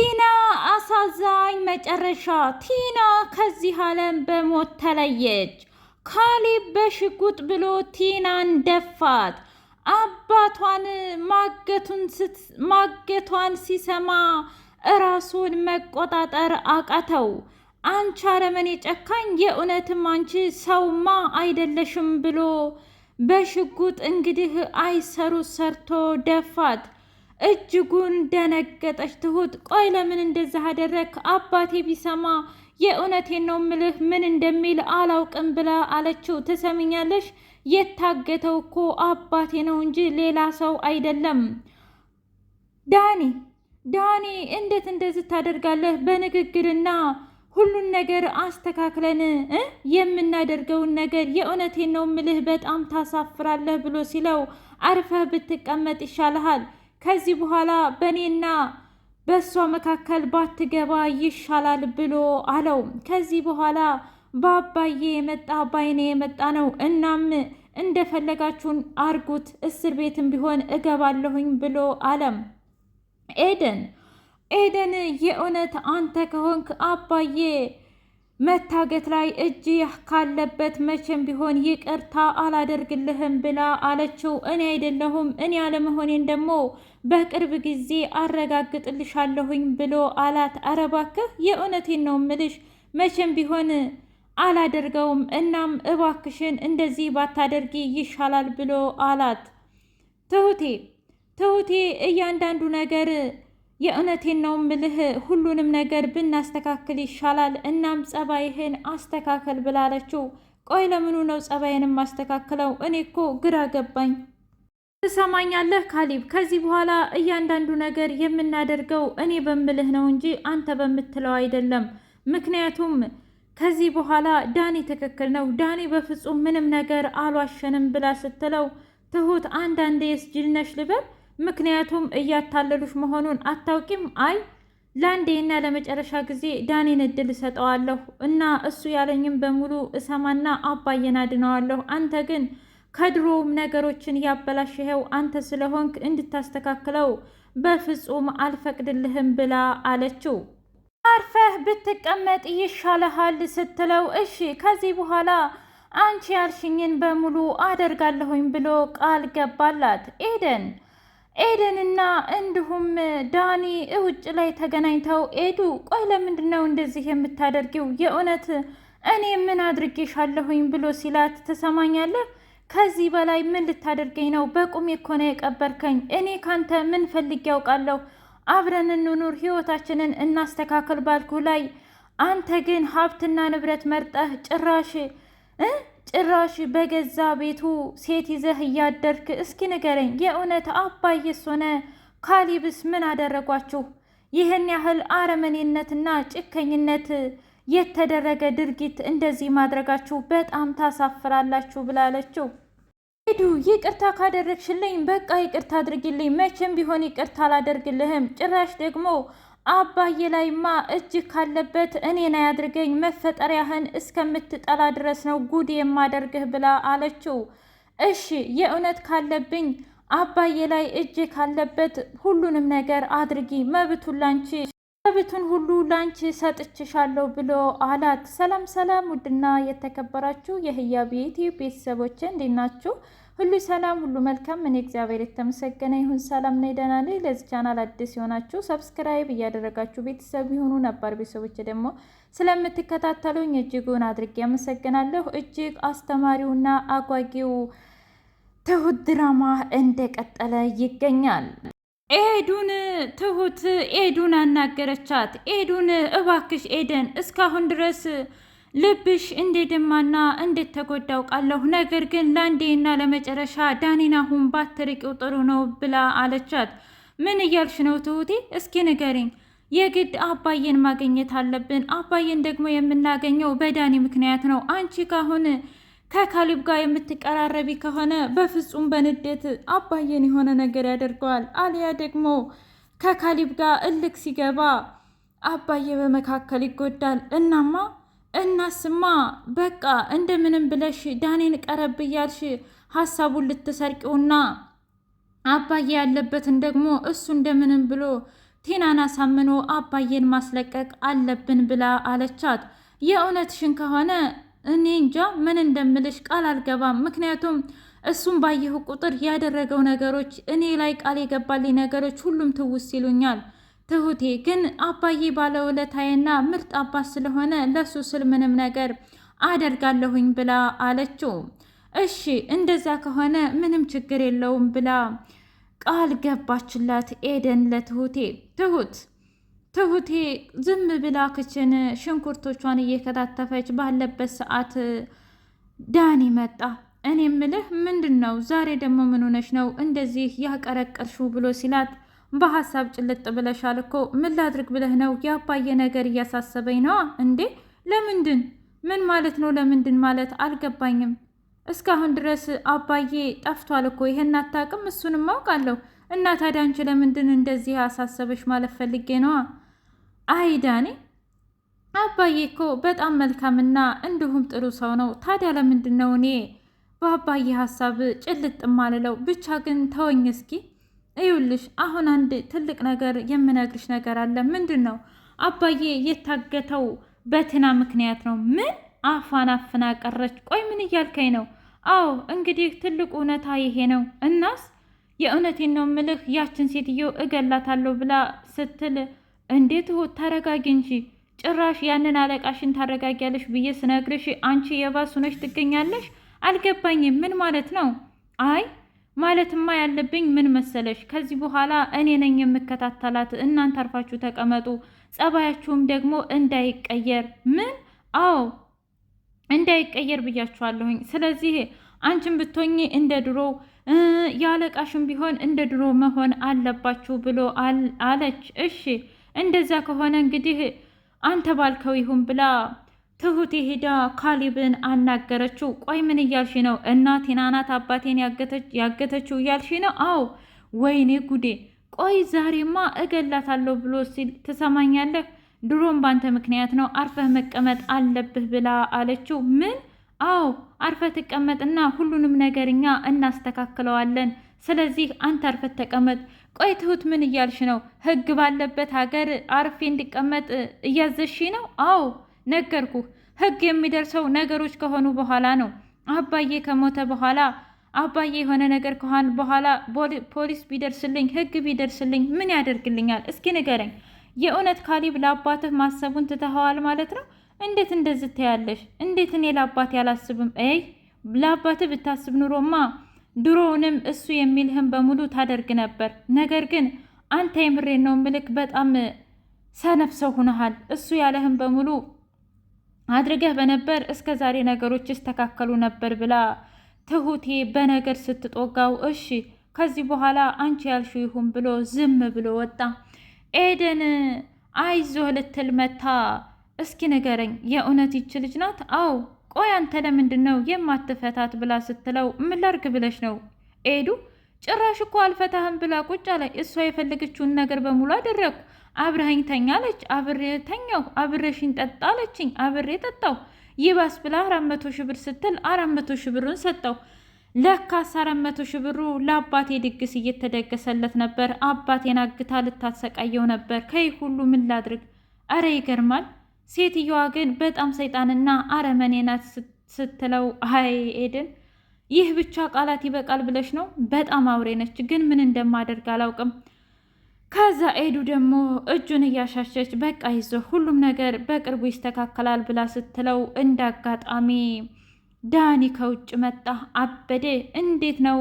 ቲና አሳዛኝ መጨረሻ። ቲና ከዚህ ዓለም በሞት ተለየች። ካሊ በሽጉጥ ብሎ ቲናን ደፋት። አባቷን ማገቷን ሲሰማ እራሱን መቆጣጠር አቃተው። አንቺ አረመኔ ጨካኝ፣ የእውነትም አንቺ ሰውማ አይደለሽም ብሎ በሽጉጥ እንግዲህ አይሰሩ ሰርቶ ደፋት። እጅጉን ደነገጠች ትሁት። ቆይ ለምን እንደዛ አደረግክ? አባቴ ቢሰማ የእውነቴን ነው ምልህ ምን እንደሚል አላውቅም ብላ አለችው። ትሰሚኛለሽ፣ የታገተው እኮ አባቴ ነው እንጂ ሌላ ሰው አይደለም። ዳኒ ዳኒ፣ እንዴት እንደዚህ ታደርጋለህ? በንግግርና ሁሉን ነገር አስተካክለን የምናደርገውን ነገር የእውነቴን ነው ምልህ በጣም ታሳፍራለህ ብሎ ሲለው አርፈህ ብትቀመጥ ይሻልሃል ከዚህ በኋላ በእኔና በእሷ መካከል ባትገባ ይሻላል ብሎ አለው። ከዚህ በኋላ በአባዬ የመጣ ባይኔ የመጣ ነው። እናም እንደፈለጋችሁን አርጉት፣ እስር ቤትም ቢሆን እገባለሁኝ ብሎ አለም። ኤደን ኤደን የእውነት አንተ ከሆንክ አባዬ መታገት ላይ እጅ ካለበት መቼም ቢሆን ይቅርታ አላደርግልህም ብላ አለችው። እኔ አይደለሁም እኔ አለመሆኔን ደግሞ በቅርብ ጊዜ አረጋግጥልሻለሁኝ ብሎ አላት። ኧረ እባክህ የእውነቴን ነው ምልሽ መቼም ቢሆን አላደርገውም። እናም እባክሽን እንደዚህ ባታደርጊ ይሻላል ብሎ አላት። ትሁቴ ትሁቴ እያንዳንዱ ነገር የእውነቴን ነው ምልህ ሁሉንም ነገር ብናስተካክል ይሻላል። እናም ጸባይህን አስተካከል ብላለችው። ቆይ ለምኑ ነው ጸባይን ማስተካክለው? እኔ እኮ ግራ ገባኝ። ትሰማኛለህ ካሊብ፣ ከዚህ በኋላ እያንዳንዱ ነገር የምናደርገው እኔ በምልህ ነው እንጂ አንተ በምትለው አይደለም። ምክንያቱም ከዚህ በኋላ ዳኒ ትክክል ነው፣ ዳኒ በፍጹም ምንም ነገር አልዋሸንም ብላ ስትለው ትሁት አንዳንዴ የስጅልነሽ ልበል ምክንያቱም እያታለሉሽ መሆኑን አታውቂም። አይ ለአንዴና ለመጨረሻ ጊዜ ዳኔን እድል እሰጠዋለሁ እና እሱ ያለኝም በሙሉ እሰማና አባዬን አድነዋለሁ። አንተ ግን ከድሮውም ነገሮችን ያበላሽኸው አንተ ስለሆንክ እንድታስተካክለው በፍጹም አልፈቅድልህም ብላ አለችው። አርፈህ ብትቀመጥ ይሻለሃል ስትለው እሺ ከዚህ በኋላ አንቺ ያልሽኝን በሙሉ አደርጋለሁኝ ብሎ ቃል ገባላት ኤደን ኤደንና እንዲሁም ዳኒ ውጭ ላይ ተገናኝተው ኤዱ ቆይ ለምንድን ነው እንደዚህ የምታደርጊው? የእውነት እኔ ምን አድርጌሻለሁኝ ብሎ ሲላት ትሰማኛለህ፣ ከዚህ በላይ ምን ልታደርገኝ ነው? በቁሜ እኮ ነው የቀበርከኝ። እኔ ካንተ ምን ፈልጌ ያውቃለሁ? አብረን እንኑር፣ ህይወታችንን እናስተካከል ባልኩ ላይ አንተ ግን ሀብትና ንብረት መርጠህ ጭራሽ ጭራሽ በገዛ ቤቱ ሴት ይዘህ እያደርክ እስኪ ንገረኝ፣ የእውነት አባዬስ ሆነ ካሊብስ ምን አደረጓችሁ? ይህን ያህል አረመኔነትና ጭከኝነት የተደረገ ድርጊት እንደዚህ ማድረጋችሁ በጣም ታሳፍራላችሁ ብላለችው። ሄዱ ይቅርታ ካደረግሽልኝ በቃ ይቅርታ አድርጊልኝ። መቼም ቢሆን ይቅርታ አላደርግልህም። ጭራሽ ደግሞ አባዬ ላይማ እጅ ካለበት እኔን አያድርገኝ መፈጠሪያህን እስከምትጠላ ድረስ ነው ጉድ የማደርግህ ብላ አለችው። እሺ የእውነት ካለብኝ አባዬ ላይ እጅ ካለበት ሁሉንም ነገር አድርጊ፣ መብቱን ላንቺ መብቱን ሁሉ ላንቺ ሰጥችሻለሁ ብሎ አላት። ሰላም ሰላም! ውድና የተከበራችሁ የህያ ቤት ቤተሰቦች እንዴት ናችሁ? ሁሉ ሰላም፣ ሁሉ መልካም። እኔ እግዚአብሔር የተመሰገነ ይሁን። ሰላም ነኝ፣ ደህና ነኝ። ለዚህ ቻናል አዲስ የሆናችሁ ሰብስክራይብ እያደረጋችሁ ቤተሰብ ይሁኑ። ነባር ቤተሰቦች ደግሞ ስለምትከታተሉኝ እጅጉን አድርጌ ያመሰግናለሁ። እጅግ አስተማሪውና አጓጊው ትሁት ድራማ እንደቀጠለ ይገኛል። ኤዱን ትሁት ኤዱን አናገረቻት። ኤዱን እባክሽ ኤደን እስካሁን ድረስ ልብሽ እንዴት ተጎዳ አውቃለሁ። ነገር ግን ለአንዴና ለመጨረሻ ዳኒን ሁን ባትርቂው ጥሩ ነው ብላ አለቻት። ምን እያልሽ ነው ትሁቴ? እስኪ ንገሪኝ። የግድ አባዬን ማግኘት አለብን። አባዬን ደግሞ የምናገኘው በዳኒ ምክንያት ነው። አንቺ ካሁን ከካሊብ ጋር የምትቀራረቢ ከሆነ በፍጹም በንዴት አባዬን የሆነ ነገር ያደርገዋል። አሊያ ደግሞ ከካሊብ ጋር እልክ ሲገባ አባዬ በመካከል ይጎዳል። እናማ እናስማ በቃ እንደምንም ብለሽ ዳኔን ቀረብ እያልሽ ሀሳቡን ልትሰርቂውና አባዬ ያለበትን ደግሞ እሱ እንደምንም ብሎ ቴናን አሳምኖ አባዬን ማስለቀቅ አለብን ብላ አለቻት። የእውነትሽን ከሆነ እኔ እንጃ ምን እንደምልሽ ቃል አልገባም። ምክንያቱም እሱም ባየሁ ቁጥር ያደረገው ነገሮች እኔ ላይ ቃል የገባልኝ ነገሮች ሁሉም ትውስ ይሉኛል። ትሁቴ ግን አባዬ ባለውለታዬና ምርጥ አባት ስለሆነ ለሱ ስል ምንም ነገር አደርጋለሁኝ ብላ አለችው። እሺ እንደዛ ከሆነ ምንም ችግር የለውም ብላ ቃል ገባችላት ኤደን ለትሁቴ። ትሁት ትሁቴ ዝም ብላ ክችን ሽንኩርቶቿን እየከታተፈች ባለበት ሰዓት ዳኒ መጣ። እኔ ምልህ ምንድን ነው ዛሬ ደግሞ ምን ሆነሽ ነው እንደዚህ ያቀረቀርሽው ብሎ ሲላት በሀሳብ ጭልጥ ብለሻል እኮ ምን ላድርግ ብለህ ነው? የአባዬ ነገር እያሳሰበኝ ነዋ። እንዴ ለምንድን? ምን ማለት ነው ለምንድን ማለት አልገባኝም። እስካሁን ድረስ አባዬ ጠፍቷል እኮ ይሄን አታውቅም? እሱንም አውቃለሁ። እና ታዲያ አንቺ ለምንድን እንደዚህ ያሳሰበሽ ማለት ፈልጌ ነዋ። አይ ዳኔ አባዬ እኮ በጣም መልካምና እንዲሁም ጥሩ ሰው ነው። ታዲያ ለምንድን ነው እኔ በአባዬ ሀሳብ ጭልጥ ማልለው? ብቻ ግን ተወኝ እስኪ ይውልሽ አሁን አንድ ትልቅ ነገር የምነግርሽ ነገር አለ። ምንድን ነው? አባዬ የታገተው በትና ምክንያት ነው። ምን አፏን አፍና ቀረች። ቆይ ምን እያልከኝ ነው? አዎ እንግዲህ ትልቁ እውነታ ይሄ ነው። እናስ የእውነቴን ነው ምልህ ያችን ሴትዮ እገላታለሁ ብላ ስትል እንዴት እሑድ ተረጋጊ እንጂ ጭራሽ ያንን አለቃሽን ታረጋጊያለሽ ብዬ ስነግርሽ አንቺ የባስ ሆነሽ ትገኛለሽ። አልገባኝም። ምን ማለት ነው? አይ ማለትማ ያለብኝ ምን መሰለሽ፣ ከዚህ በኋላ እኔ ነኝ የምከታተላት። እናንተ አርፋችሁ ተቀመጡ፣ ጸባያችሁም ደግሞ እንዳይቀየር። ምን? አዎ እንዳይቀየር ብያችኋለሁኝ። ስለዚህ አንቺን ብትሆኚ እንደ ድሮ የአለቃሽም ቢሆን እንደ ድሮ መሆን አለባችሁ ብሎ አለች። እሺ እንደዛ ከሆነ እንግዲህ አንተ ባልከው ይሁን ብላ ትሁት ሄዳ ካሊብን አናገረችው። ቆይ ምን እያልሽ ነው? እናቴን አናት አባቴን ያገተችው እያልሽ ነው? አዎ። ወይኔ ጉዴ! ቆይ ዛሬማ እገላታለሁ ብሎ ሲል ትሰማኛለህ? ድሮም ባንተ ምክንያት ነው አርፈህ መቀመጥ አለብህ ብላ አለችው። ምን? አዎ አርፈህ ትቀመጥና ሁሉንም ነገርኛ እናስተካክለዋለን። ስለዚህ አንተ አርፈት ተቀመጥ። ቆይ ትሁት ምን እያልሽ ነው? ህግ ባለበት ሀገር አርፌ እንዲቀመጥ እያዘሽ ነው? አዎ ነገርኩህ። ህግ የሚደርሰው ነገሮች ከሆኑ በኋላ ነው። አባዬ ከሞተ በኋላ አባዬ የሆነ ነገር ከሆን በኋላ ፖሊስ ቢደርስልኝ ህግ ቢደርስልኝ ምን ያደርግልኛል? እስኪ ንገረኝ። የእውነት ካሊብ ለአባትህ ማሰቡን ትተኸዋል ማለት ነው? እንዴት እንደዚህ ትያለሽ? እንዴት እኔ ለአባቴ አላስብም? ይ ለአባትህ ብታስብ ኑሮማ ድሮውንም እሱ የሚልህን በሙሉ ታደርግ ነበር። ነገር ግን አንተ የምሬን ነው ምልክ፣ በጣም ሰነፍ ሰው ሁነሃል። እሱ ያለህን በሙሉ አድርገህ በነበር እስከ ዛሬ ነገሮች ይስተካከሉ ነበር ብላ ትሁቴ በነገር ስትጦጋው፣ እሺ ከዚህ በኋላ አንቺ ያልሽው ይሁን ብሎ ዝም ብሎ ወጣ። ኤደን አይዞህ ልትል መታ። እስኪ ንገረኝ የእውነት ይች ልጅ ናት? አዎ። ቆይ አንተ ለምንድን ነው የማትፈታት ብላ ስትለው፣ ምን ላርግ ብለሽ ነው ኤዱ? ጭራሽ እኮ አልፈታህም ብላ ቁጭ ላይ እሷ የፈለገችውን ነገር በሙሉ አደረግኩ አብረኸኝ ተኛለች አብሬ ተኛሁ አብሬሽኝ ጠጣ አለችኝ አብሬ ጠጣው ይባስ ብላ አራት መቶ ሺህ ብር ስትል አራት መቶ ሺህ ብሩን ሰጠው ለካስ አራት መቶ ሺህ ብሩ ለአባቴ ድግስ እየተደገሰለት ነበር አባቴን አግታ ልታሰቃየው ነበር ከይህ ሁሉ ምን ላድርግ አረ ይገርማል ሴትየዋ ግን በጣም ሰይጣንና አረመኔ ናት ስትለው አይ ኤደን ይህ ብቻ ቃላት ይበቃል ብለሽ ነው በጣም አውሬ ነች ግን ምን እንደማደርግ አላውቅም ከዛ ኤዱ ደግሞ እጁን እያሻሸች በቃ ይዞ ሁሉም ነገር በቅርቡ ይስተካከላል ብላ ስትለው እንደ አጋጣሚ ዳኒ ከውጭ መጣ። አበደ እንዴት ነው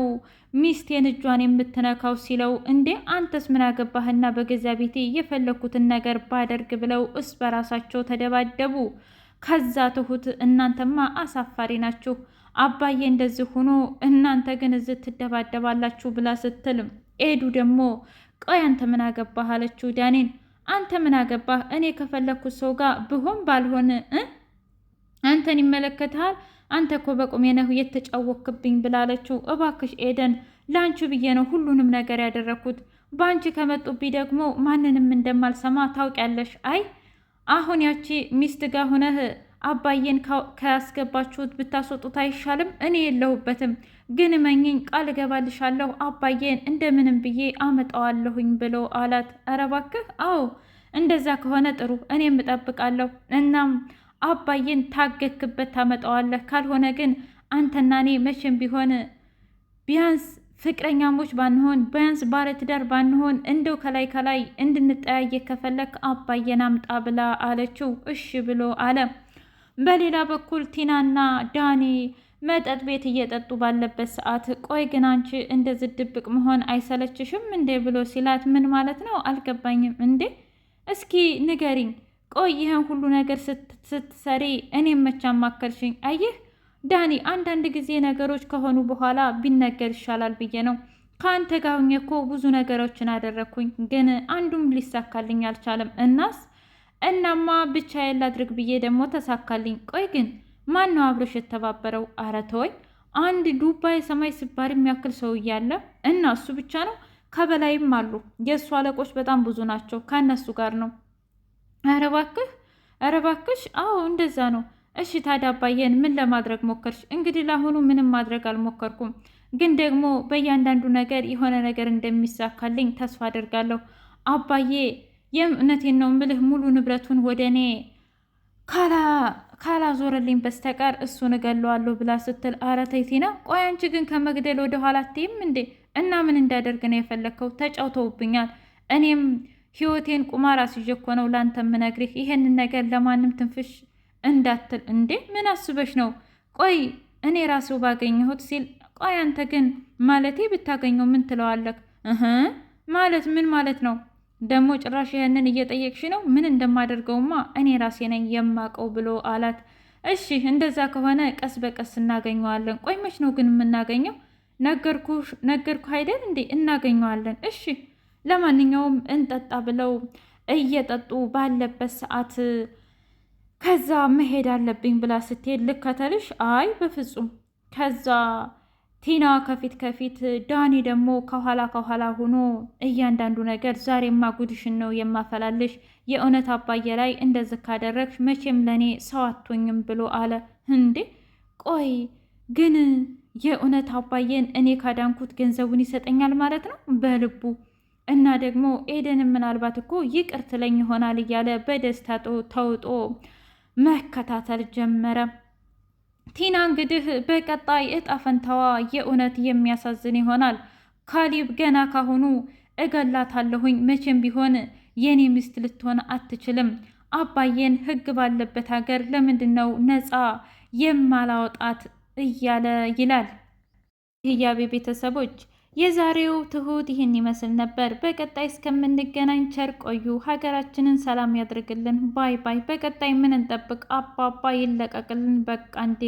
ሚስቴን እጇን የምትነካው ሲለው፣ እንዴ አንተስ ምን አገባህና በገዛ ቤቴ የፈለግኩትን ነገር ባደርግ ብለው እስ በራሳቸው ተደባደቡ። ከዛ ትሁት እናንተማ አሳፋሪ ናችሁ፣ አባዬ እንደዚህ ሆኖ እናንተ ግን እዝ ትደባደባላችሁ ብላ ስትልም ኤዱ ደግሞ ቆይ አንተ ምን አገባህ? አለችው ዳኔን። አንተ ምን አገባህ? እኔ ከፈለግኩት ሰው ጋር ብሆን ባልሆን አንተን ይመለከታል! አንተ እኮ በቁሜ ነህ የተጫወክብኝ ብላለችው። እባክሽ ኤደን፣ ለአንቺ ብዬ ነው ሁሉንም ነገር ያደረግኩት። በአንቺ ከመጡብኝ ደግሞ ማንንም እንደማልሰማ ታውቂያለሽ። አይ አሁን ያቺ ሚስት ጋር ሁነህ አባዬን ካያስገባችሁት ብታስወጡት አይሻልም? እኔ የለሁበትም፣ ግን መኝኝ ቃል እገባልሻለሁ አባዬን እንደምንም ብዬ አመጣዋለሁኝ ብሎ አላት። ኧረ እባክህ፣ አዎ እንደዛ ከሆነ ጥሩ፣ እኔም እጠብቃለሁ። እናም አባዬን ታገክበት ታመጣዋለህ፣ ካልሆነ ግን አንተና እኔ መቼም ቢሆን ቢያንስ ፍቅረኛሞች ባንሆን ቢያንስ ባለትዳር ባንሆን እንደው ከላይ ከላይ እንድንጠያየ ከፈለክ አባዬን አምጣ ብላ አለችው። እሺ ብሎ አለ። በሌላ በኩል ቲናና ዳኒ መጠጥ ቤት እየጠጡ ባለበት ሰዓት ቆይ ግን አንቺ እንደዚህ ድብቅ መሆን አይሰለችሽም እንዴ ብሎ ሲላት ምን ማለት ነው አልገባኝም እንዴ እስኪ ንገሪኝ ቆይ ይህን ሁሉ ነገር ስትሰሪ እኔም መቻ ማከልሽኝ አየህ ዳኒ አንዳንድ ጊዜ ነገሮች ከሆኑ በኋላ ቢነገር ይሻላል ብዬ ነው ከአንተ ጋር ሁኜ እኮ ብዙ ነገሮችን አደረግኩኝ ግን አንዱም ሊሳካልኝ አልቻለም እናስ እናማ ብቻ ያላድርግ ብዬ ደግሞ ተሳካልኝ። ቆይ ግን ማን ነው አብሮሽ የተባበረው? አረ ተወኝ። አንድ ዱባ የሰማይ ስባሪ የሚያክል ሰው እያለ እና እሱ ብቻ ነው? ከበላይም አሉ። የእሱ አለቆች በጣም ብዙ ናቸው። ከእነሱ ጋር ነው። አረ እባክህ፣ አረ እባክሽ። አዎ እንደዛ ነው። እሺ ታዲያ አባዬን ምን ለማድረግ ሞከርሽ? እንግዲህ ለአሁኑ ምንም ማድረግ አልሞከርኩም፣ ግን ደግሞ በእያንዳንዱ ነገር የሆነ ነገር እንደሚሳካልኝ ተስፋ አደርጋለሁ አባዬ የእውነቴን ነው ምልህ ሙሉ ንብረቱን ወደ እኔ ካላዞረልኝ በስተቀር እሱን እገለዋለሁ ብላ ስትል፣ አረ ተይ ቲና፣ ቆይ አንቺ ግን ከመግደል ወደ ኋላ አትይም እንዴ? እና ምን እንዳደርግ ነው የፈለግከው? ተጫውተውብኛል። እኔም ህይወቴን ቁማር አስይዤ እኮ ነው ይሄንን ነገር ለማንም ትንፍሽ እንዳትል። እንዴ ምን አስበሽ ነው? ቆይ እኔ ራሴው ባገኘሁት ሲል፣ ቆይ አንተ ግን ማለቴ ብታገኘው ምን ትለዋለህ? እህ ማለት ምን ማለት ነው? ደግሞ ጭራሽ ይህንን እየጠየቅሽ ነው? ምን እንደማደርገውማ እኔ ራሴ ነኝ የማቀው ብሎ አላት። እሺ እንደዛ ከሆነ ቀስ በቀስ እናገኘዋለን። ቆይ መች ነው ግን የምናገኘው? ነገርኩ አይደል እንዴ? እናገኘዋለን። እሺ ለማንኛውም እንጠጣ ብለው እየጠጡ ባለበት ሰዓት ከዛ መሄድ አለብኝ ብላ ስትሄድ ልከተልሽ? አይ በፍጹም ከዛ ቲና ከፊት ከፊት ዳኒ ደግሞ ከኋላ ከኋላ ሆኖ እያንዳንዱ ነገር ዛሬማ ጉድሽን ነው የማፈላልሽ፣ የእውነት አባዬ ላይ እንደዚህ ካደረግሽ መቼም ለእኔ ሰው አትሆኝም ብሎ አለ። እንዴ ቆይ ግን የእውነት አባዬን እኔ ካዳንኩት ገንዘቡን ይሰጠኛል ማለት ነው በልቡ እና ደግሞ ኤደንም ምናልባት እኮ ይቅርትለኝ ይሆናል እያለ በደስታ ተውጦ መከታተል ጀመረ። ቲና እንግዲህ በቀጣይ እጣ ፈንታዋ የእውነት የሚያሳዝን ይሆናል። ካሊብ ገና ካሁኑ እገላታለሁኝ፣ መቼም ቢሆን የኔ ሚስት ልትሆን አትችልም። አባዬን ህግ ባለበት ሀገር ለምንድን ነው ነፃ የማላወጣት? እያለ ይላል። ህያቤ ቤተሰቦች የዛሬው ትሁት ይህን ይመስል ነበር። በቀጣይ እስከምንገናኝ ቸር ቆዩ። ሀገራችንን ሰላም ያድርግልን። ባይ ባይ። በቀጣይ ምን እንጠብቅ? አባባ ይለቀቅልን። በቃ እንዴ